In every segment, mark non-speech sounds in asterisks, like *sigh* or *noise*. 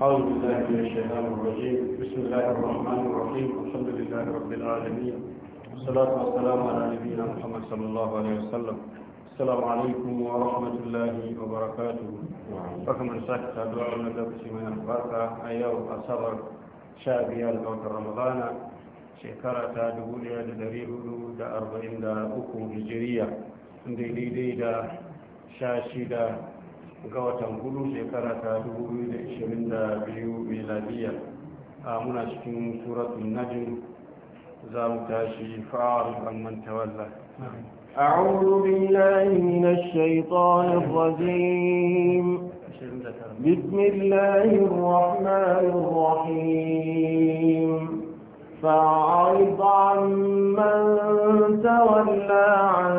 أعوذ بالله من الشيطان الرجيم بسم الله الرحمن الرحيم الحمد لله رب العالمين والصلاة والسلام على نبينا محمد صلى الله عليه وسلم السلام عليكم ورحمة الله وبركاته فكما ساكت أدعو أن نقص من البركة أيام أصبر شابي الغوث رمضان شكرة دولية لدريه دا أربعين دا أكو هجرية daidai da sha shida ga watan hudu shekara ta 2022 miladiyya a muna cikin suratun najin za mu tashi fa'arif amman tawalla أعوذ بالله من الشيطان الرجيم بسم الله الرحمن الرحيم فأعرض عن من تولى عن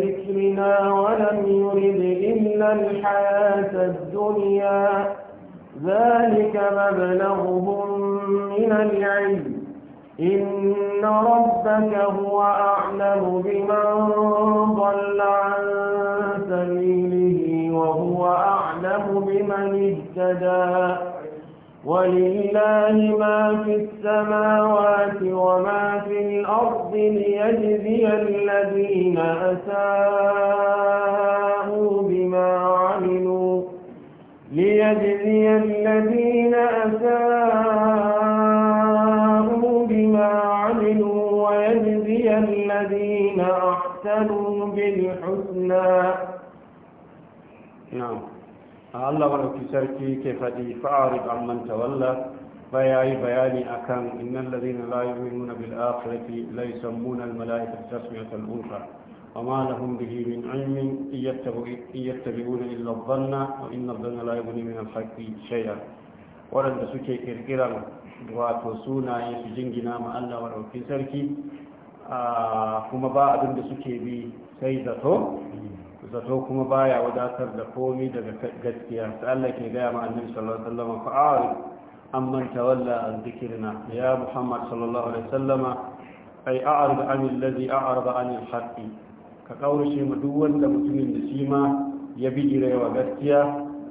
ذكرنا ولم يرد إلا الحياة الدنيا ذلك مبلغهم من العلم إن ربك هو أعلم بمن ضل عن سبيله وهو أعلم بمن اهتدى ولله ما في السماوات وما في الأرض ليجزي الذين أساءوا بما عملوا ليجزي الذين أساءوا بما عملوا ويجزي الذين أحسنوا بالحسنى نعم Allah wani sarki ke faɗi fa'arib amman tawalla ya yi bayani a kan akan innal ladina la yu'minuna bil akhirati la yusammuna al mala'ikata tasmiyata ma unsa وما لهم min من علم إن يتبعون إلا الظن وإن الظن لا يغني min الحق شيئا waɗanda suke ƙirƙiran wato sunaye su jingina ma Allah wa ɗauki sarki kuma ba abin da suke bi sai zato zato kuma baya wadatar da komi daga gaskiya ta Allah ke gaya ma annabi sallallahu alaihi wasallam fa'ari amman tawalla an dhikrina ya muhammad sallallahu alaihi wasallama ai a'rid an alladhi a'rada an al-haqq ka kaurace mu duk wanda mutumin da shi ma ya bi wa gaskiya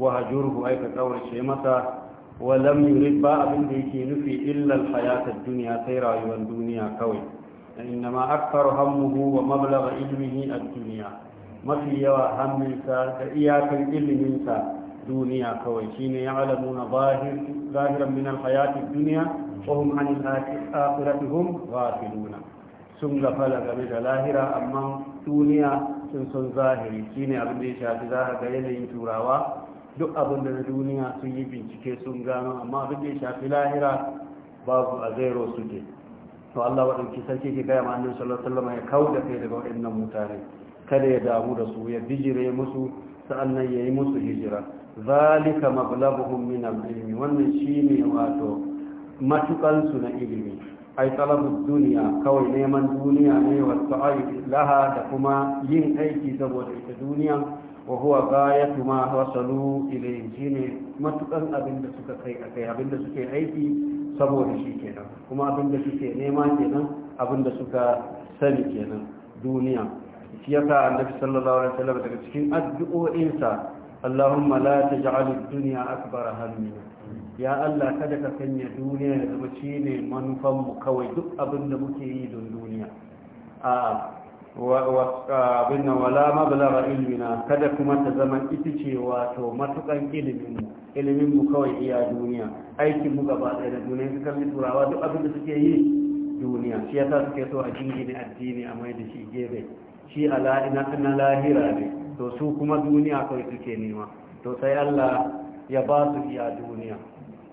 wa hajurhu ai ka kaurace masa wa lam yurid ba abin da yake nufi illa al-hayata ad-dunya sai rayuwar duniya kawai innama akthar hammuhu wa mablagha ilmihi ad-dunya mafi yawa hannunsa da iyakan iliminsa duniya kawai shine ya alamu na zahiran minar hayatun duniya ohun hannun an al-akhirati nuna ghafiluna sun gafala game da lahira amma duniya sun sun zahiri Shi ne abin da ya shafi za ga yanayin turawa duk abin da na duniya sun yi bincike sun gano amma abin da ya shafi lahira babu a zairo suke to Allah waɗanki sarki ke gaya ma annabi sallallahu alaihi wasallam ya kauda kai daga waɗannan mutane kada ya damu da su ya bijire musu sa'annan ya yi musu hijira zalika mablaghum min al-ilmi wannan shine wato matukan na ilimi ai talabud duniya kawai neman duniya ne wa sa'i laha da kuma yin aiki saboda ita duniya wa huwa ghayatu ma wasalu ilayhi ne matukan abin da suka kai kai abin da suke aiki saboda shi kenan kuma abin da suke nema kenan abin da suka sani kenan duniya shi yasa annabi sallallahu alaihi wasallam daga cikin sa Allahumma la taj'al ad-dunya akbar hammi ya Allah kada ka sanya duniya ya zama shine manufan mu kawai duk abin da muke yi don duniya a abin nan wala mablagha ilmina kada kuma ta zama ita ce wato matukan ilimin mu ilimin mu kawai iya duniya aikin mu gaba ɗaya da duniya kan turawa duk abin da suke yi duniya shi yasa suke so a jingine addini a mai da shi gefe shi a na lahira ne to su kuma duniya kawai suke nema to sai Allah ya ba su iya duniya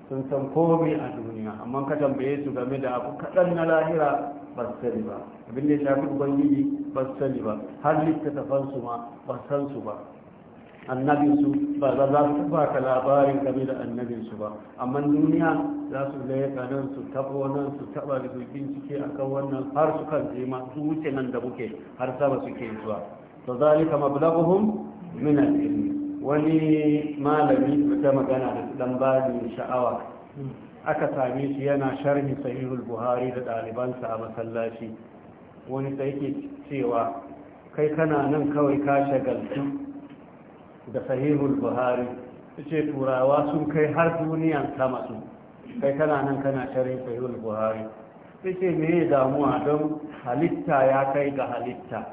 sun san komai a duniya amma ka tambaye su game da abu kaɗan na lahira ba su sani ba abin da ya shafi ubangiji ba su sani ba har littattafansu ma ba su san su ba annabinsu ba za su baka labarin game da annabinsu ba amma duniya za su laika nan su tabo nan su taba da su bincike akan wannan har su kan je ma su wuce nan da muke har sama suke zuwa to zalika mablaghuhum min al wani malami ta magana da dan bani sha'awa aka same shi yana sharhi sahihul buhari da ɗalibansa a masallaci wani sai ke cewa kai kana nan kawai ka shagaltu da sahihul buhari ce turawa sun kai har duniyan sama su kai kana nan kana sharhin sahihul buhari ce me ya damuwa don halitta ya kai ga halitta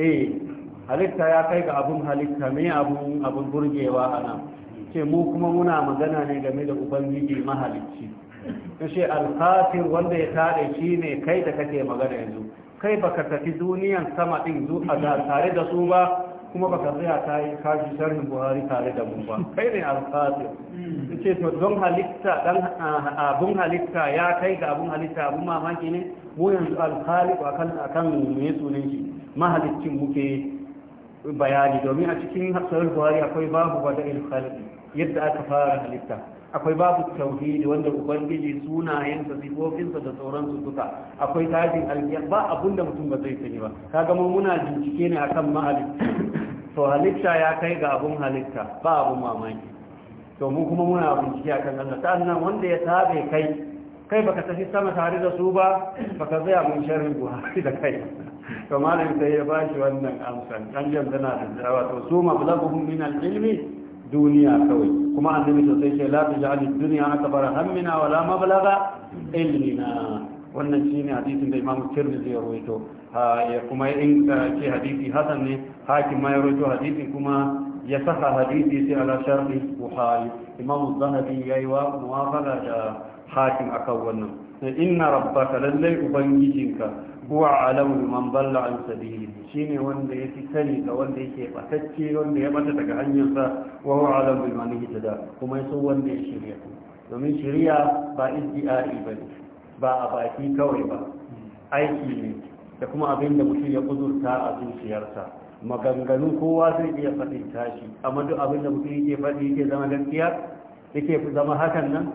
eh halitta ya kai ga abun halitta me abun abun burgewa a nan ce mu kuma muna magana ne game da ubangiji mahalicci ta ce alkhafir wanda ya tare shi ne kai da kake magana yanzu kai baka tafi duniyan sama din zu a tare da su ba kuma baka tsaya ta yi kashi sharhin buhari tare da mu ba kai ne alfasir hmm. ce don halitta dan abun halitta ya kai ga abun halitta abun mamaki ne mu yanzu alkhaliq akan akan me sunan shi mahalicin muke bayani domin a cikin sahih buhari akwai babu da ilkhaliq yadda aka fara halitta akwai babu tauhidi wanda ubangiji sunayensa sifofinsa da sauransu duka akwai tajin alkiyar ba abun da mutum ba zai sani ba kaga mu muna bincike ne akan mahalitta to halitta ya kai ga abun halitta ba abun mamaki to mu kuma muna bincike akan Allah Ta annan wanda ya tabe kai kai baka tafi sama tare da su ba baka zai mun sharri buhari da kai to malamin sai ya bashi wannan amsan dan tana da wato su mablaghum min al-ilmi duniya kawai kuma annabi sosai ce la taj'al ad-dunya akbar hammina wala mablagha ilmina wannan shi ne hadisin da imamu tirmidhi ya rawaito kuma in ce hadisi hasan ne hakim ma ya rawaito hadisi kuma ya saka hadisi sai ala sharhi buhari imamu zahabi yayi wa muwafaqa da hakim akan wannan inna rabbaka lallai ubangijinka huwa alamu man balla an sabili shine wanda yafi sani ga wanda yake batacce wanda ya bata daga sa wa huwa alamu man hidda kuma yaso wanda ya shirya domin shirya ba iddiai bane ba a baki kawai ba aiki ne da kuma abin da mutum ya kuzurta a zuciyarsa maganganu kowa zai iya faɗin tashi amma duk abin da mutum yake faɗi yake zama gaskiya yake zama hakan nan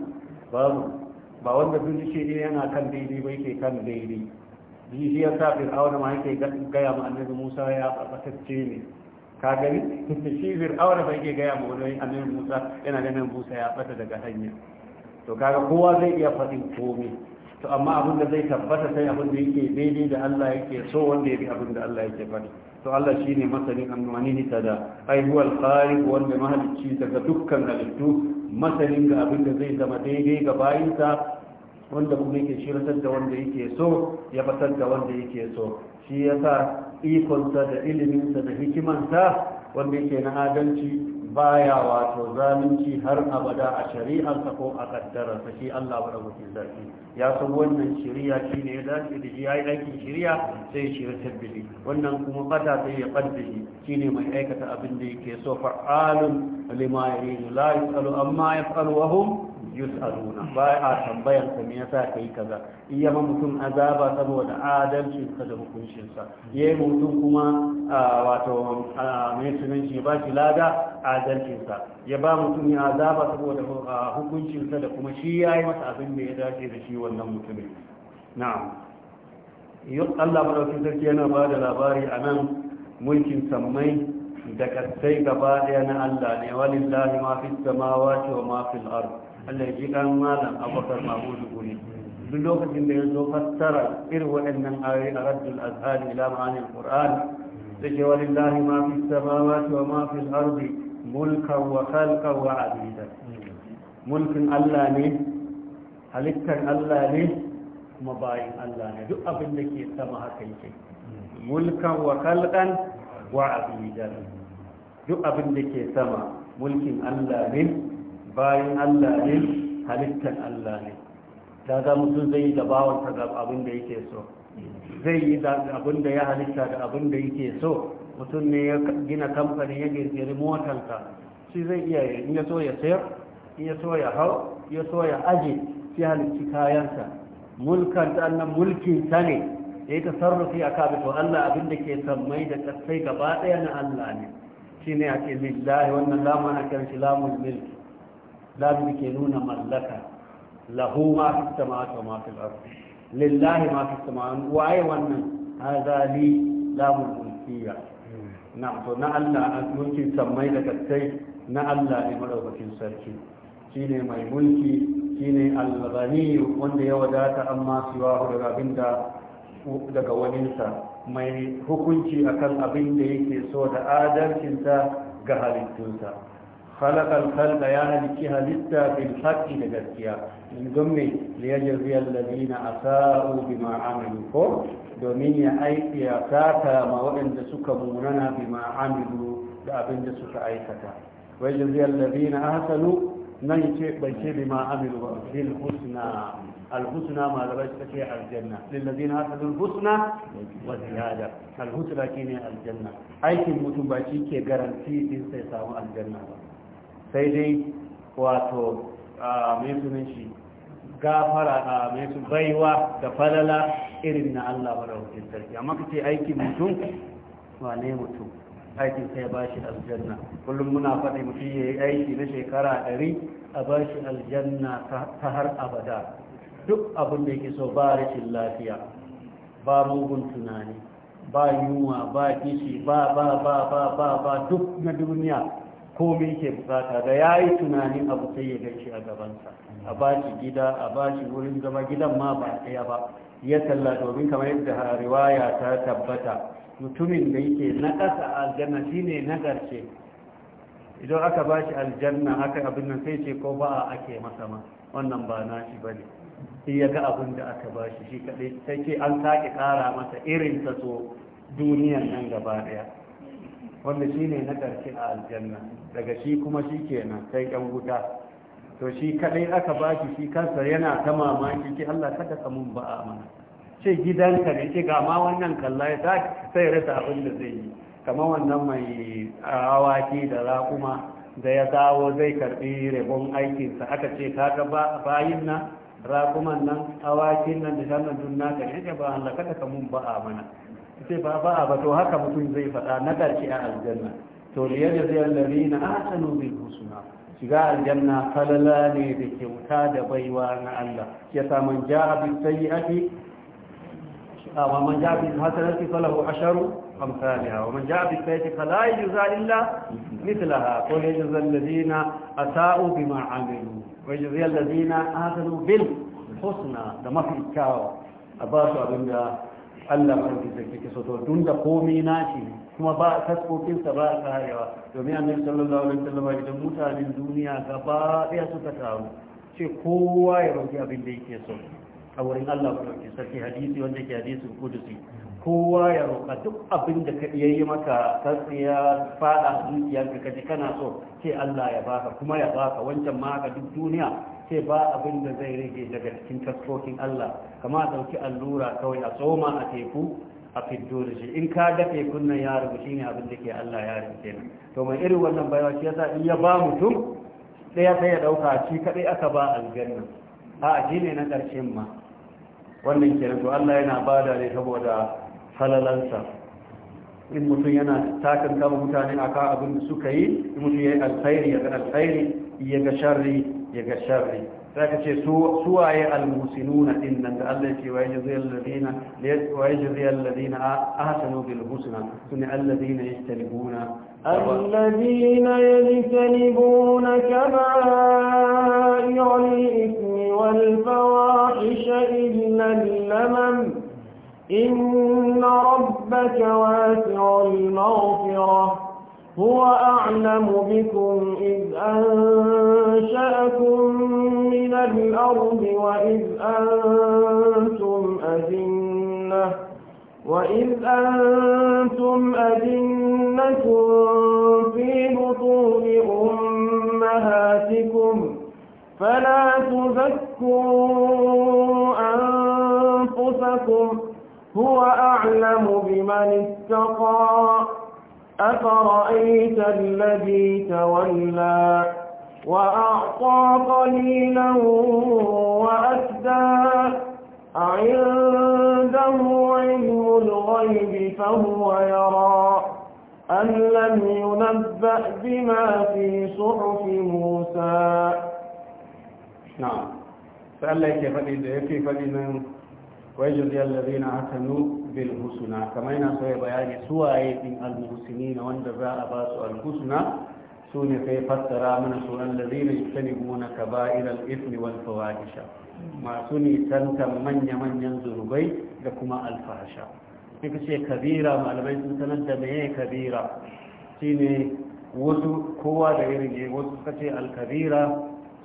babu ba wanda duk shi yana kan daidai ba yake kan daidai shi ya sa fir'auna ma yake gaya ma annabi musa ya ɓatacce ne ka gani *laughs* shi fir'auna ba yake gaya ma wani annabi musa yana ganin musa ya ɓata daga hanya to kaga kowa zai iya faɗin komai to amma abin da zai tabbata sai abin da yake daidai da Allah yake so wanda ya bi abin da Allah yake faɗi to Allah shi shine masanin amani ne tada ai huwa al-khaliq wanda mahalicci daga dukkan halittu masanin ga abin da zai zama daidai ga bayinsa wanda kuma yake shirantar da wanda yake so ya batar da wanda yake so shi ya sa ikonsa da iliminsa da hikimansa wanda yake na adalci baya wato zalunci har abada a shari'arsa ko a kaddararsa shi Allah wa rahmatin zaki ya san wannan shari'a shi ne ya dace da shi yi aikin shari'a sai ya shirya tabbili wannan kuma fata sai ya kaddari shi ne mai aikata abin da yake so fa'alun lima yuridu la yasalu amma ya wa hum yus'aluna ba a tambayar ka me yasa kai kaza iya ma mutum azaba saboda adalcin sa da hukuncin sa yayi mutum kuma wato mai sunan shi ba shi lada adalcin sa ya ba mutum ya azaba saboda hukuncin sa da kuma shi yayi masa abin da ya dace da shi wannan mutumin na'am Allah madaukin sarki yana ba da labari a nan mulkin sammai da kasai gaba daya na Allah ne walillahi ma fi samawati wa ma fil ardh Allah ya ji kan malam abubakar mahmudu guri duk lokacin da ya zo fassara irin waɗannan ayoyi a raddul azhari ila ma'anin qur'an da ke walillahi ma fi samawati wa ma fi ardi mulkan wa khalqan wa abida mulkin Allah ne halittar Allah ne kuma bayin Allah ne duk abin da ke sama haka yake mulkan wa khalqan wa abida duk abin da ke sama mulkin Allah ne bayan Allah ne halittar Allah ne Ta za mutum zai yi da bawansa ga abin da yake so zai yi da abin da ya halitta da abin da yake so mutum ne ya gina kamfani ya girgiri motarsa. shi zai iya in ya so ya sayar ya so ya hau ya so ya aje shi halitti kayansa mulkan annan mulkin ta ne ya yi tasarrufi a kabi to Allah abin da ke sammai da kasai gaba ɗaya na Allah ne shi ne a ce lillahi wannan lamana a shi lamun milki lamu ke nuna mallaka lahu ma fi samawati wa ma fi al-ardi lillahi ma fi samawati wa ai wannan hadha li lamu mulkiya na to na Allah an mulki sammai da kasai na Allah ne madaukakin sarki shine mai mulki shine al wanda ya wadata amma siwa daga daga waninsa mai hukunci akan abin da yake so da adalcinsa ga halittunsa خلق الخلق يا هلكي هلتا بالحق لغسيا من قمي ليجزي الذين أساءوا بما عملوا فوق دومين أيك يا كاتا ما وإن دسك موننا بما عملوا لأبن دسك أيكتا ويجزي الذين أحسنوا نيتي بيتي بما عملوا بالحسنى الحسنى ما لبست في الجنة للذين أحسنوا الحسنى وزيادة الحسنى كيني الجنة أيك المتباشي كي غرانتي دين سيساو الجنة بقى. sai dai wato mai shi gafara a mai su baiwa da falala irin na Allah wajen sarki amma ka ce aikin mutum wane mutum aikin sai ba shi aljanna kullum muna faɗi mutum ya yi aiki na shekara ɗari a ba shi aljanna ta har abada duk abin da yake so ba rashin lafiya ba mugun tunani ba yunwa ba kishi ba ba ba ba ba duk na duniya komai ke bukata da ya yi tunanin abu sai ya gaishe a gabansa a bashi gida a baki wurin zama gidan ma ba ɗaya ba ya talla domin kamar yadda riwaya ta tabbata mutumin da yake na ƙasa aljanna shine na ƙarshe idan aka ba aljanna aka abin nan sai ce ko ba a ake masa ma wannan ba na shi ba ne sai ya ga abin da aka bashi shi shi kaɗai sai ce an sake ƙara masa irin ta so duniyan nan gaba ɗaya wanda shi ne na ƙarshe a aljanna daga shi kuma shi kenan sai ƴan wuta to shi kaɗai aka ba shi shi kansa yana ta mamaki ki Allah ka ka mun ba mana ce gidanka ne ki ga ma wannan kalla ya sai rasa abin da zai yi kamar wannan mai awaki da raƙuma da ya dawo zai karɓi rabon aikinsa aka ce ga bayin nan raƙuman nan awakin nan da shannan dunna ka ne ba Allah ka ka mun ba mana. sai ba ba ba to haka mutum zai faɗa na ƙarshe a aljanna to liyar da zai na asanu bil husna shiga aljanna falala ne da kyauta da baiwa na Allah ya sa man ja'a bi sayyi'ati wa man ja'a bi hasanati falahu asharu amsalha wa man ja'a bi sayyi'ati fala yujza illa mithlaha qul yajza alladhina asa'u bima 'amilu wa yajza alladhina ahsanu bil husna da mafi kyawu a ba su abin da Allah mafi sarki ki so to tun da komai nashi kuma ba taskokinsa ba a domin annabi sallallahu alaihi wasallam idan mutanen duniya gaba daya suka taru ce kowa ya roki abin da yake so a wurin Allah mafi sarki hadisi wanda ke hadisin kudusi kowa ya roƙa duk abin da ya yi maka tsatsiya fada dukiyar ka kaji kana so sai Allah ya baka kuma ya baka wancan ma duk duniya sai ba abin da zai rage daga cikin kaskokin Allah kama ɗauki allura kawai a tsoma a teku a fiddo shi in ka dafe nan ya rubu shine abin da ke Allah ya rubu kenan to mai irin wannan bayan shi yasa in ya ba mutum ɗaya sai ya ɗauka shi kaɗai aka ba aljanna a shi ne na ƙarshen ma wannan kenan to Allah yana bada ne saboda falalansa in mutum yana takan kama mutane a kan abin da suka yi in mutum ya yi alkhairi ya ga alkhairi ya ga sharri ya ga sharri za ka ce suwaye almusinuna din nan da Allah ce wa yajziyal ladina wa yajziyal ladina ahsanu bil husna sunni alladina yajtanibuna الذين يجتنبون كبائر الإثم والفواحش إلا اللمم إن ربك واسع المغفرة هو أعلم بكم إذ أنشأكم من الأرض وإذ أنتم أجنة وإذ أنتم أجنة في بطون أمهاتكم فلا تذكروا أنفسكم هو أعلم بمن اتقى أفرأيت الذي تولى وأعطى قليلا وأسدى عنده علم الغيب فهو يرى أن لم ينبأ بما في صحف موسى نعم فألا يكفني فلي ويجزي الذين احسنوا بالحسنى كما ينا سوى بيان سواي من المحسنين وان جزاء باس الحسنى سون في فسر من سوى الذين يجتنبون كبائر الاثم والفواحش ما سني سنت من من ينزل بي لكما الفحشاء kika ce kabira malamai sun sanar da meye kabira shine wasu kowa da irin wasu suka ce alkabira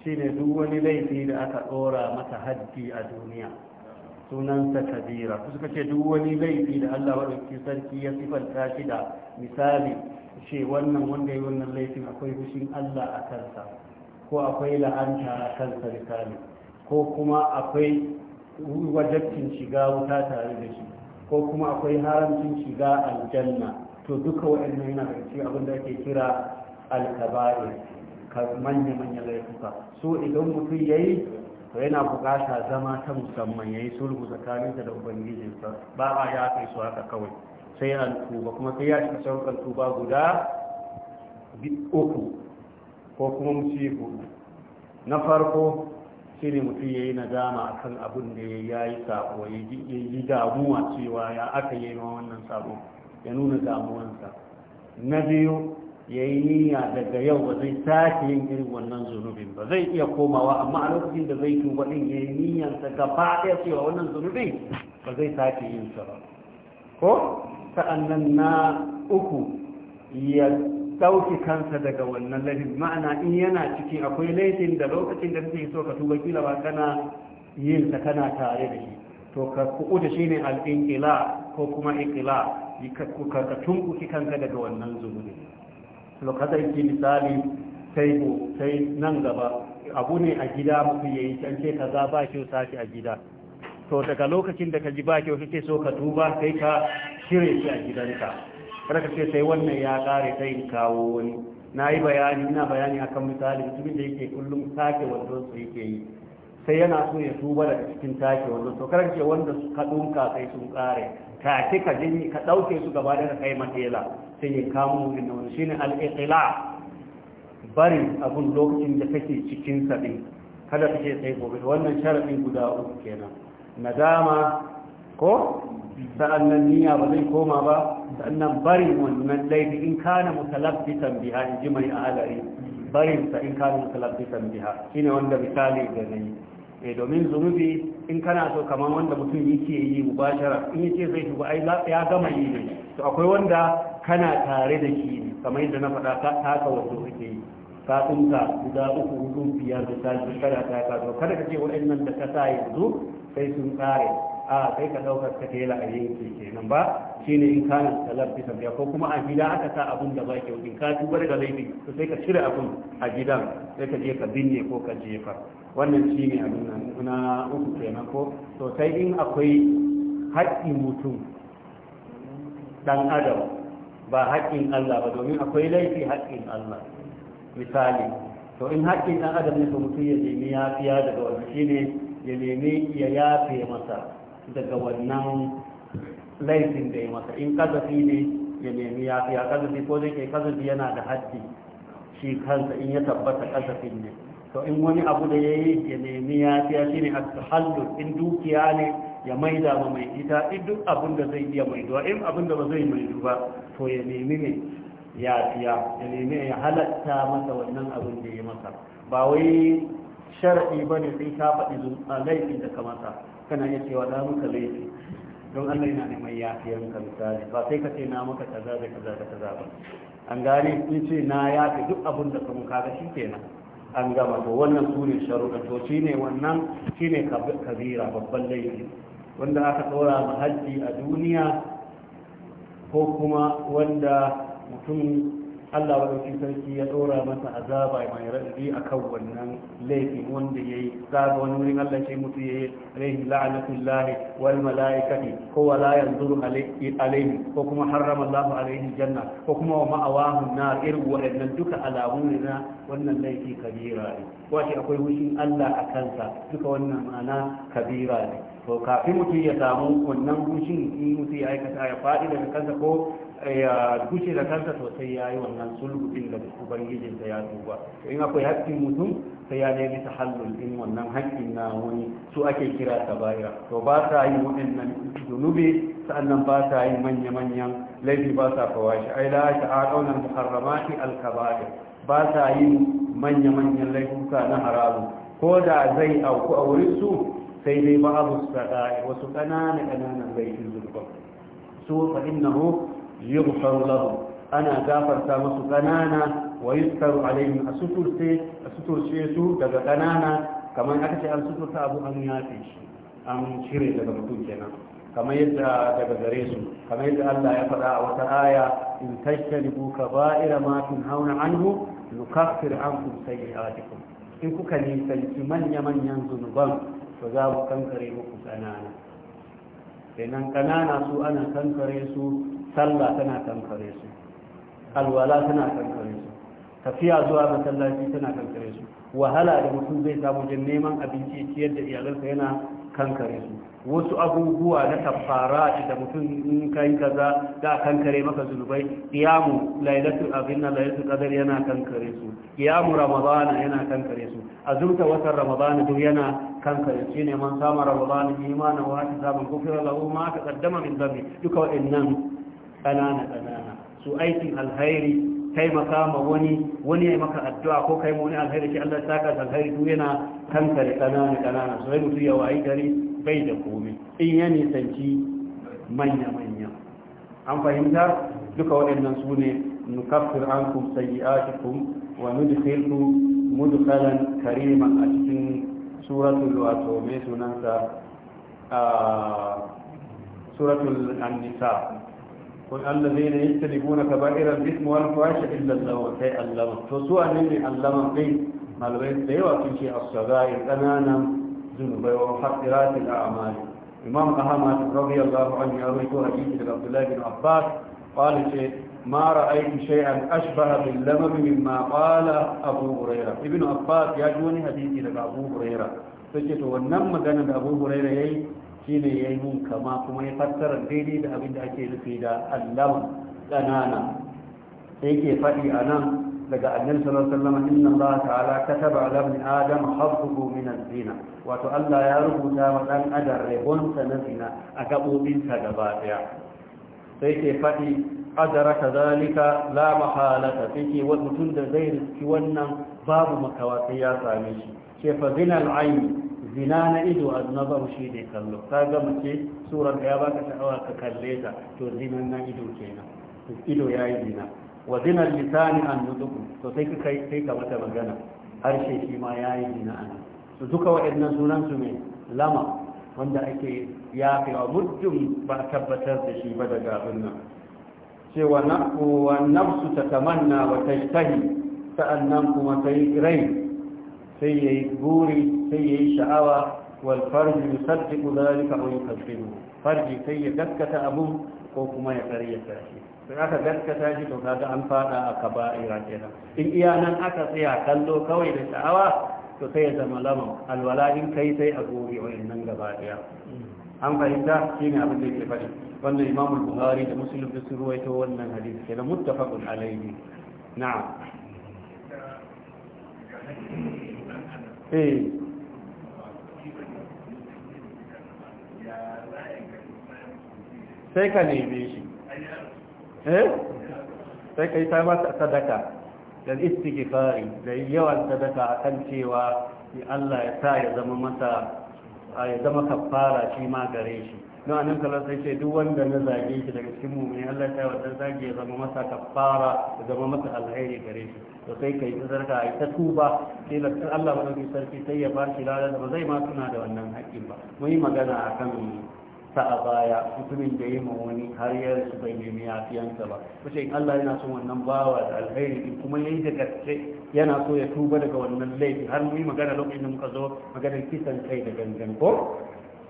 shine duk wani laifi da aka dora masa haddi a duniya sunansa kabira su suka ce duk wani laifi da Allah maɗauki sarki ya sifanta shi da misali ce wannan wanda ya yi wannan laifin akwai fushin Allah a kansa ko akwai la'anta a kansa misali ko kuma akwai wajabcin shiga wuta tare da shi ko kuma akwai haramcin shiga aljanna to duka waɗannan yana da cikin abin da ake kira alkaba'ir manya-manya laifuka so idan mutum ya yi to yana bukata zama ta musamman yayi sulhu tsakaninsa da ubangijinsa ba a ya kai su haka kawai sai an tuba kuma sai ya cika saukan tuba guda uku ko kuma ci hudu na farko shi ne mutum ya yi nadama akan abin da ya yi sako ya yi damuwa cewa ya aka yi ma wannan sako ya nuna damuwansa na biyu ya yi niyya daga yau ba zai sake yin irin wannan zunubin ba zai iya komawa amma a lokacin da zai tuba din ya yi gaba ɗaya cewa wannan zunubin ba zai sake yin sa ba ko sa'annan na uku ya ɗauki kansa daga wannan laifin ma'ana in yana ciki akwai laifin da lokacin da kake so ka tuba kila ba kana yin sa kana tare da shi to ka kuɓu da shi ne al'inƙila ko kuma iƙila ka tunkuki kanka daga wannan zunubin lokacin ki misali sai sai nan gaba abu ne a gida muku yayi can ce kaza ba ki sashi a gida to daga lokacin da ka ji ba kyau kake so ka duba sai ka shirye shi a gidanka kada ka ce sai wannan ya kare sai kawo wani na yi bayani ina bayani akan misali mutumin da yake kullum sake wando su yake yi sai yana so ya tuba daga cikin take wando to kada ce wanda ka dunka sai sun kare ka take ka jini ka dauke su gaba da kai matela sai ya kamo mutum wani shine al-iqla barin abun lokacin da kake cikin sa din kada kake sai gobe wannan sharadin guda uku kenan nadama ko sa'annan niyya ba zai koma ba sa'annan barin wannan laifi in kana mutalabbitan biha in ji mai alari barin in kana mutalabbitan biha shine wanda misali da zai Eh, domin zunubi in kana so kamar wanda mutum yake yi mubashara in yake zai tuba ai ya gama yi ne to akwai wanda kana tare da shi kamar yadda na faɗa ka taka wanda kake yi ka guda uku hudu biyar da tashi kada ta ka zo kada ka ce waɗannan da ka sa yanzu sai sun tsare a kai ka ɗaukar ka tela a yanki kenan ba shine in kana talar bisa biya ko kuma a gida aka sa abun da ba kyau in ka tuba daga laifi sai ka cire abun a gidan sai ka je ka binne ko ka jefa wannan shi ne abin nan na uku kenan ko sosai in akwai haƙƙin mutum ɗan adam ba haƙƙin Allah ba domin akwai laifi haƙƙin Allah misali to in haƙƙin ɗan adam ne to mutum ya nemi fiya daga wannan shi ne ya nemi ya yafe masa daga wannan laifin da ya masa in kazafi ne ya nemi fiya kazafi ko zai ke kazafi yana da haƙƙi shi kansa in ya tabbata kazafin ne to in wani abu da yayi ya nemi yafiya shine at-tahallul in dukiya ne ya maida ma mai ita in duk abin da zai iya maiduwa in abin da ba zai maidu ba to ya nemi ne yafiya ya nemi ya halatta masa wannan abin da ya masa ba wai shar'i ba ne sai ka faɗi laifin da ka masa kana iya cewa na muka laifi don Allah yana neman yafiyan ka misali ba sai ka ce na maka kaza da kaza da kaza ba an gane in ce na yafi duk abin da ka kaga shi kenan an gama to wannan su ne sharuɗa to shi ne wannan shi ne kabira babban laifi wanda aka ɗora mahajji a duniya ko kuma wanda mutum Allah wadauki sarki ya ɗora masa azaba mai raɗaɗi a kan wannan laifi wanda ya yi zaga wani wurin Allah ce mutu ya yi rai la'anatun lahi wal mala'ikati ko wa la yanzuru alaihi ko kuma harrama Allah alaihi janna ko kuma wa ma'awahun na irin waɗannan duka alamu ne na wannan laifi kabira ne ko akwai wushin Allah a kansa duka wannan ma'ana kabira ne to kafin mutum ya samu wannan gushin in mutum ya aikata ya faɗi daga kansa ko eh, ya gushe da kansa sosai, ya yi wannan sulhu din da ubangijin sa ya duba to in akwai haƙƙin mutum sai ya nemi tahallul din wannan haƙƙin na wani su ake kira tabaira to ba sa yin waɗannan zunubi sa'annan ba sa yin manya-manyan laifi ba sa fawashi ai la ta'aqawna muharramati al ba sa yin manya-manyan laifuka na haramu ko da zai auku a wurin su sai dai ba abu sada'i wasu ƙanana ƙananan laifin zurfan su fa innahu yughfaru lahu ana gafarta musu ƙanana wa yustaru alaihim a asuturce su daga ƙanana kamar aka ce an suturta abu an yafe shi an cire daga mutum kenan kamar yadda daga gare su kamar yadda Allah ya faɗa a wata aya in tajtanibu kaba'ira ma tunhauna anhu nukaffir ankum sayyi'atikum in kuka nisanci manya-manyan zunuban ba za mu kankare muku ƙanana kenan ƙanana su ana kankare su sallah tana kankare su alwala tana kankare su tafiya zuwa masallaci tana kankare su wahala da mutum zai samu jin neman abinci ciyar da iyalansa yana kankare su wasu abubuwa na kafara da mutum in kai kaza da kankare maka zunubai qiyamu lailatul abinna lailatul qadar yana kankare su qiyamu ramadana yana kankare su azurta watan ramadana duk yana kanka yace ne man sama ramadan imanan wa hisaban kofin lahu ma taqaddama min dhanbi duka waɗannan kanana kanana su aikin alkhairi taimaka ma wani wani ya maka addu'a ko kai mu wani alkhairi shi Allah ta saka alkhairi duk yana kanka da kanana su sai mutu ya wayi gari bai da komai in ya nisanci manya manya an fahimta duka waɗannan su ne nukaffir ankum sayyi'atikum wa mudu mudu kalan kariman a cikin suratul wato mai sunansa a suratul annisa kun allazi ne yake libuna ka ba'irar bismu wal fawashi illa lawa sai allama to su ne ne allama kai malamai da yawa sun ce as-sagair kananan zunubai wa hasiratil a'mali imam ahmad radiyallahu anhu ya rawaito hadisi daga abdullahi bin abbas qala ce ما رأيت شيئا أشبه باللمم مما قال أبو هريرة ابن عباس يا جوني حديثي لك أبو هريرة فجت ونم مجانا أبو هريرة يي شين ييمون كما كما يفسر الديني بأبن أكيد في دا اللمم أنانا سيكي فأي أنا لك أن صلى الله عليه وسلم إن الله تعالى كتب على ابن آدم حظه من الزنا وتؤلى يا رب تامة أن أدرهن سنزنا أكبو بنت دبابع سيكي فأي adaraka zalika la mahalata take wani mutum da zai riski wannan babu makawa sai ya same shi ce fa zinal aini zina na ido a nazaru shi ne kallo ka mace surar da ya baka sha'awa ka kalle ta to zinan na ido kenan ido ya yi zina wa zinan lisani an nutuku to sai ka kai sai ka mata magana harshe shi ma ya yi zina an su duka waɗannan sunan su ne lama wanda ake ya fi wa muddin ba tabbatar da shi ba daga abin nan cewa nafsu wa nafsu tatamanna wa tajtahi sa'annan kuma yi rai sai yi buri sai yayi sha'awa wal farji yusaddiqu dhalika aw yukazzibu farji sai ya gaskata abu ko kuma ya karyata shi sai aka gaskata shi to kaga an fada a kaba'ira kenan in iya nan aka tsaya kallo kawai da sha'awa to sai ya zama lama alwala in kai sai a gobe wayannan gaba daya an fahimta shine abin da yake faɗi wannan imam al-bukhari da muslim da sun ruwaito wannan hadisi ke da muttafaqun alayhi na'am eh sai ka ne neme shi eh sai kai yi ta masa sadaka da istighfari da yawan sadaka akan cewa Allah ya sa ya zama masa a ya zama kafara shi ma gare shi don anan kala sai duk wanda na zage shi daga cikin mu'mini Allah ta wata zage ya zama masa kafara ya zama masa alheri gare shi to sai kai ta zarka ai ta tuba sai Allah madaukakin sarki sai ya ba shi ba zai ma suna da wannan haƙƙin ba mun yi magana akan ta a baya mutumin da yi wani har ya rasu bai nemi yafiyansa ba kusa in Allah yana son wannan bawa da alheri kuma kuma yi da gaske yana so ya tuba daga wannan laifi har mu yi magana lokacin da muka zo magana kisan kai da gangan ko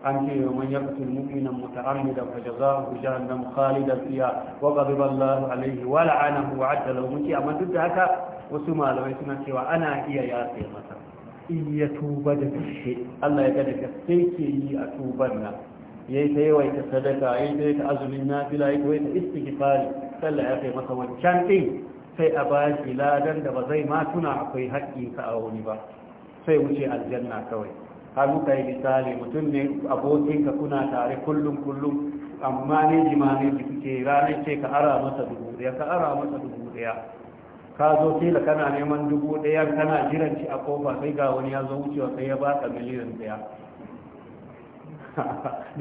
an ce wa man yaqtul mu'mina muta'ammidan fa jazaohu jahannam khalidan fiha wa ghadiba Allahu alayhi wa la'anahu wa 'adda lahu mutiya amma duk da haka wasu malamai suna cewa ana iya yafe masa in tuba da kashe Allah ya ga da kashe ke yi a tuban nan yayi ta yawaita ta sadaka yayi ta azumin nafila yayi ta istighfar sallah ya kai masa wancan din sai a ba shi ladan da ba zai ma tuna akwai haƙƙinsa a wani ba sai wuce aljanna kawai har muka yi misali mutum ne abokinka kuna tare kullum kullum amma ne jimane da kike ranar ce ka ara masa dubu daya ka ara masa dubu daya ka zo tela kana neman dubu daya kana jiran ci a kofa sai ga wani ya zo wucewa sai ya baka miliyan daya *laughs*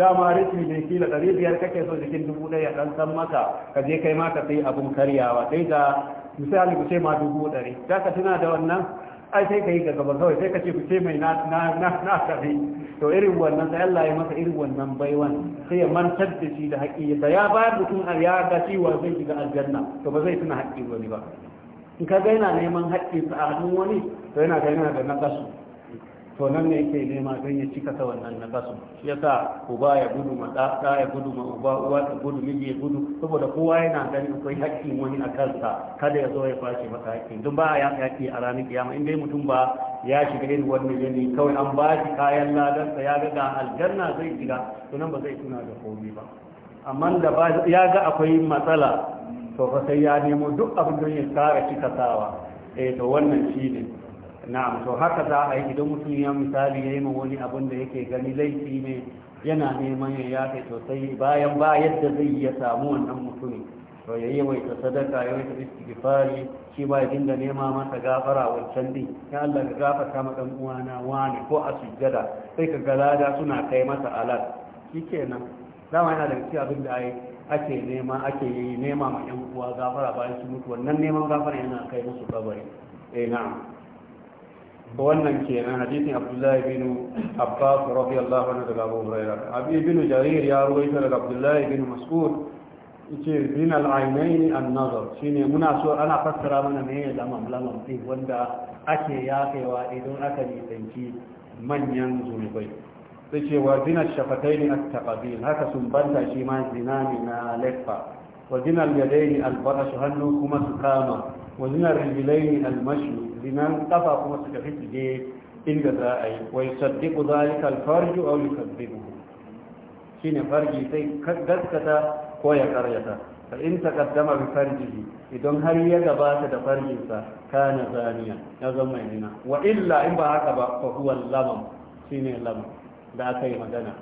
dama rikin ne kila ɗari biyar kake so jikin dubu ɗaya ɗan san maka ka je kai ma ka sai abun karyawa sai ga misali ku ce ma dubu ɗari za ka tuna da wannan ai sai ka yi ga gaba kawai sai ka ce ku ce mai na kare to irin wannan sai Allah ya masa irin wannan baiwan sai ya mantar da shi da haƙƙi da ya ba mutum a ya ga cewa zai shiga aljanna to ba zai tuna haƙƙi wani ba in ka ga yana neman haƙƙinsa a hannun wani to yana ga yana da nakasu to nan ne yake nema don ya cika ta wannan na kasu Ya sa uba ya gudu ma da ya gudu ma uba uwa ta gudu miji ya gudu saboda kowa yana ganin akwai haƙƙin wani a kansa kada ya zo ya fashe maka haƙƙin Don ba ya yaki a ranar kiyama in dai mutum ba ya shiga irin wannan yanayi kawai an ba shi kayan ladansa ya ga ga aljanna zai shiga to nan ba zai tuna da komai ba amma da ba ya ga akwai matsala to fa sai ya nemo duk abin da ya kara cika sawa eh to wannan shi ne na'am to haka za a yi idan mutum ya misali ya yi ma wani abin da yake gani laifi ne yana neman ya yafe sosai bayan ba yadda zai ya samu wannan mutumin to ya yawaita sadaka ya yawaita istighfari shi ba ya dinga nema masa gafara wancan din ya Allah ka gafarta ma dan uwana wani ko a sujjada sai ka ga lada suna kai masa alal shikenan dama yana da cikin abin da ai ake nema ake yi nema ma yan uwa gafara bayan su mutu wannan neman gafara yana kai musu kabari eh na'am wannan kenan hadisin abdullahi bin abbas radiyallahu anhu daga abu hurairah abi bin jarir ya ruwaita daga abdullahi bin mas'ud yace bin al-ainaini an-nazar shine muna so ana fassara mana meye lamam lamam din wanda ake yafewa idan aka nisanci manyan zunubai sai ce wa zina shafataini at-taqabil haka sun banta shi ma zina ne na lefa wa zinal yadaini alfarash hannu kuma su kama wa zinal rijilaini almashu zinan kafa kuma su tafi su je inda za a yi wa yusaddiqu zalika alfarju aw yukazzibu shine farji sai gaskata ko ya karyata fa in taqaddama bi farjihi idan har ya gabata da farjinsa kana zaniya ya zama yana wa illa in ba haka ba fa huwa lamam shine lamam da aka yi magana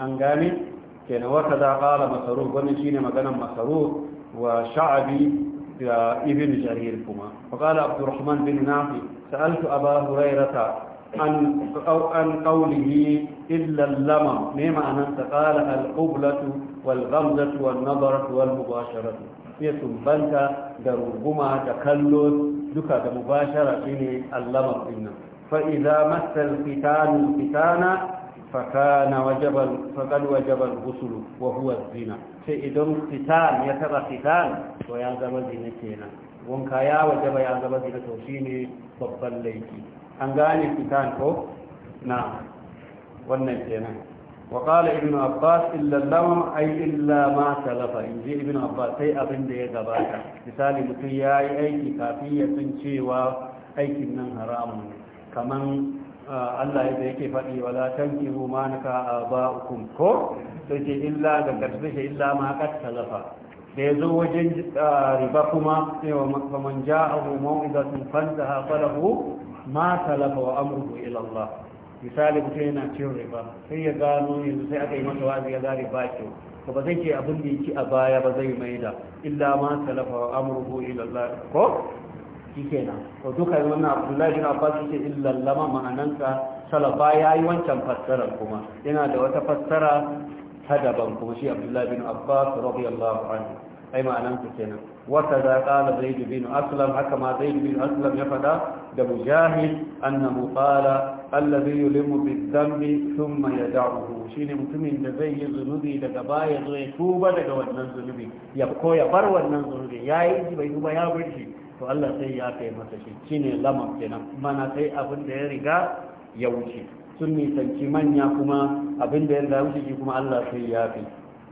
an gane كان وكدا قال مسروق بنشين مكان مسروق وشعبي ابن جرير كما فقال عبد الرحمن بن نافع سألت أبا هريرة عن أو أن قوله إلا اللمم مما أن قال القبلة والغمزة والنظرة والمباشرة هي سنبنتا دروبما تكلل دكا مباشرة إني اللمم فإذا مس الختان الختان فكان وجب فقد وجب الغسل وهو الزنا sai idan fitan ya taba fitan to ya zama zina kenan wanka ya wajaba ya zama zina to shine babban laifi an gane fitan ko na wannan kenan wa qala ibnu abbas illa lam ay illa ma talafa inji ibnu abbas sai abin da ya gabata misali mutum yayi aiki kafin ya san cewa aikin nan haramun kaman Ah, Allah ya yake faɗi wala tankihu ma naka aba'ukum ko sai ce illa ga karshe illa ma qad lafa da yazo wajen ah, riba kuma sai wa man ja'ahu maw'izatun fantaha falahu ma talafa wa amruhu ila Allah misali mutum yana cin riba sai ya gano yanzu sai aka yi masa wazi ya ga ba ce to ba zai ce abin da yake a baya ba zai maida illa ma talafa wa amruhu ila Allah ko shikenan to duka wannan Abdullahi bin Abbas yake illal lama ma'anansa salafa yi wancan fassara kuma yana da wata fassara ta daban kuma shi Abdullahi bin Abbas radiyallahu anhu ai ma'anansa kenan wata da qala Zaid bin Aslam haka ma zai Zaid bin Aslam ya faɗa? da Mujahid annahu qala alladhi yulimu bidhanbi thumma yad'uhu shine mutumin da zai yi zunubi daga baya zai ya tuba daga wannan zunubi ya ko ya bar wannan zunubi yayi bai tuba ya bar shi to Allah sai ya kai masa shi shine lamam kenan mana sai abin da ya riga ya wuce sun nisanci manya kuma abin da ya riga kuma Allah sai ya kai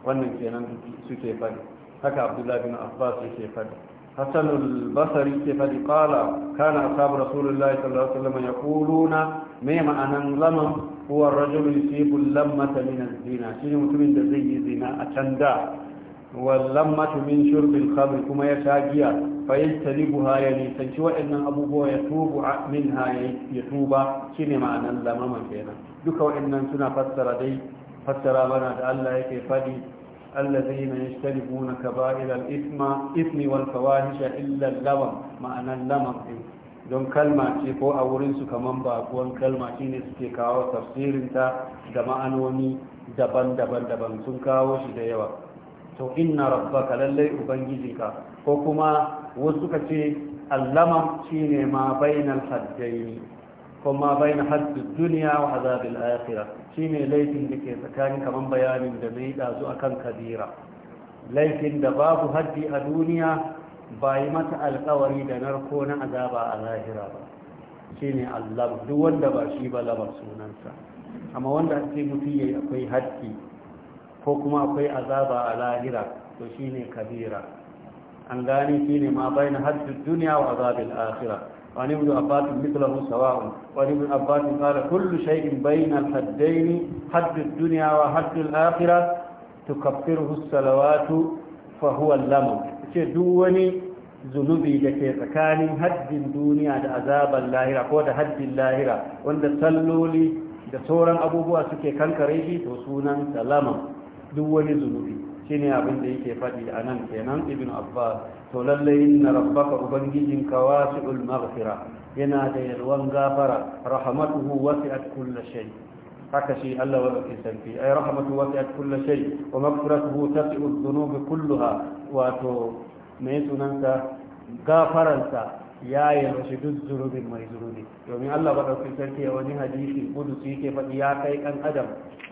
wannan kenan suke fadi haka Abdullah bin Abbas yake fadi Hassan al-Basri yake fadi qala kana ashabu Rasulullahi sallallahu alaihi wasallam yaquluna me ma'anan lamam huwa ar-rajulu yusibu lammata min zina shine mutumin da zai yi zina a can da wallammatu min shurbil khamr kuma ya sha giya fa yastalibuha ya nisanci waɗannan abubuwa ya tubu ha ya tuba shine ma'anan lamama kenan duka waɗannan suna fassara dai fassara bana da Allah yake fadi الذين يجتنبون كبائر الإثم إثم والفواحش إلا اللمم معنى اللمم don kalma ce ko a wurinsu kamar bakuwan kalma shi ne suke kawo tafsirinta da ma'anoni daban-daban daban sun kawo shi da yawa to inna rabbaka lallai ubangijinka ko kuma wasu ka ce allama shine ma bainal haddaini ko ma bainal haddud duniya wa azabil akhirah shine laifin da ke tsakanin kaman bayanin da mai dazu akan kabira laifin da babu haddi a duniya ba yi mata alkawari da narko na azaba a lahira ba shine allama duk wanda ba shi ba labar sunansa amma wanda ake mutum yayi akwai haddi ko kuma akwai azaba a lahira to shine kabira an gane shine ma bayan haddin duniya wa azabil akhirah وعن ابن عباس مثله سواء وعن ابن عباس قال كل شيء بين الحدين حد الدنيا وحد الآخرة تكفره الصلوات فهو duk wani zunubi da ke tsakanin haddin duniya da azaban lahira ko da haddin lahira wanda salloli da sauran abubuwa suke kankare shi to sunan salaman duk wani zunubi shine abin da yake faɗi a nan kenan ibn abbas to lalle inna rabbaka ubangijinka wasi'ul maghfira yana da yalwan gafara rahmatuhu wasi'at kulli shay haka shi Allah wa rabbi sarfi ay rahmatu wasi'at kulli shai, wa maghfiratuhu tasi'u dhunubi kulluha wato mai sunanta gafaransa ya rashi duk zurubin mai zurubi domin Allah ba ɗauki sarki a wani hadisi gudu su yake faɗi ya kai ɗan adam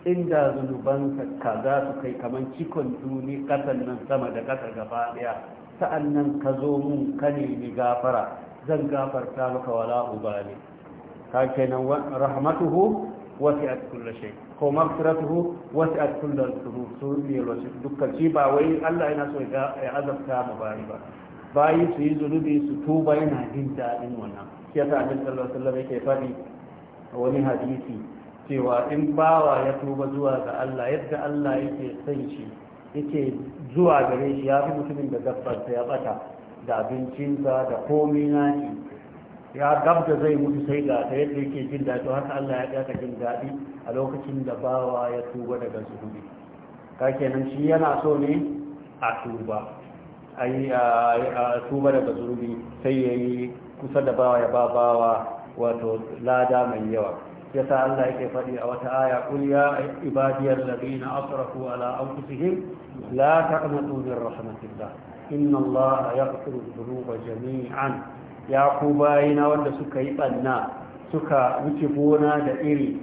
inda zunuban ka za su kai kamar cikon duni ƙasan nan sama da ƙasa gaba ɗaya sa'an nan ka zo mun ka nemi gafara zan gafarta maka wala ubali ka kenan rahmatuhu a cikin rashe ko maghfiratuhu wasi'at kullu su so ne dukkan shi ba wai Allah yana so ya azabta mu bari ba bayi su yi zunubi su tuba yana jin daɗin wannan shi yasa annabi sallallahu alaihi wasallam yake faɗi a wani hadisi cewa in bawa ya tuba zuwa ga Allah yadda Allah yake son shi yake zuwa gare shi ya fi mutumin da sa ya bata da abincinsa da komai nashi ya gabda zai mutu sai ga ta yadda yake jin daɗi haka Allah ya ɗaka jin daɗi a lokacin da bawa ya tuba daga zunubi ka kenan shi yana so ne a tuba a yi a tuba daga zurbi, sai ya yi kusa da bawa ya ba bawa wato lada mai yawa ya sa Allah yake faɗi a wata aya kul ya ibadiyar ladina asrafu ala anfusihim la taqnatu min rahmatillah inna Allah yaghfiru dhunuba jami'an ya ku bayina wanda suka yi banna suka wuce gona da iri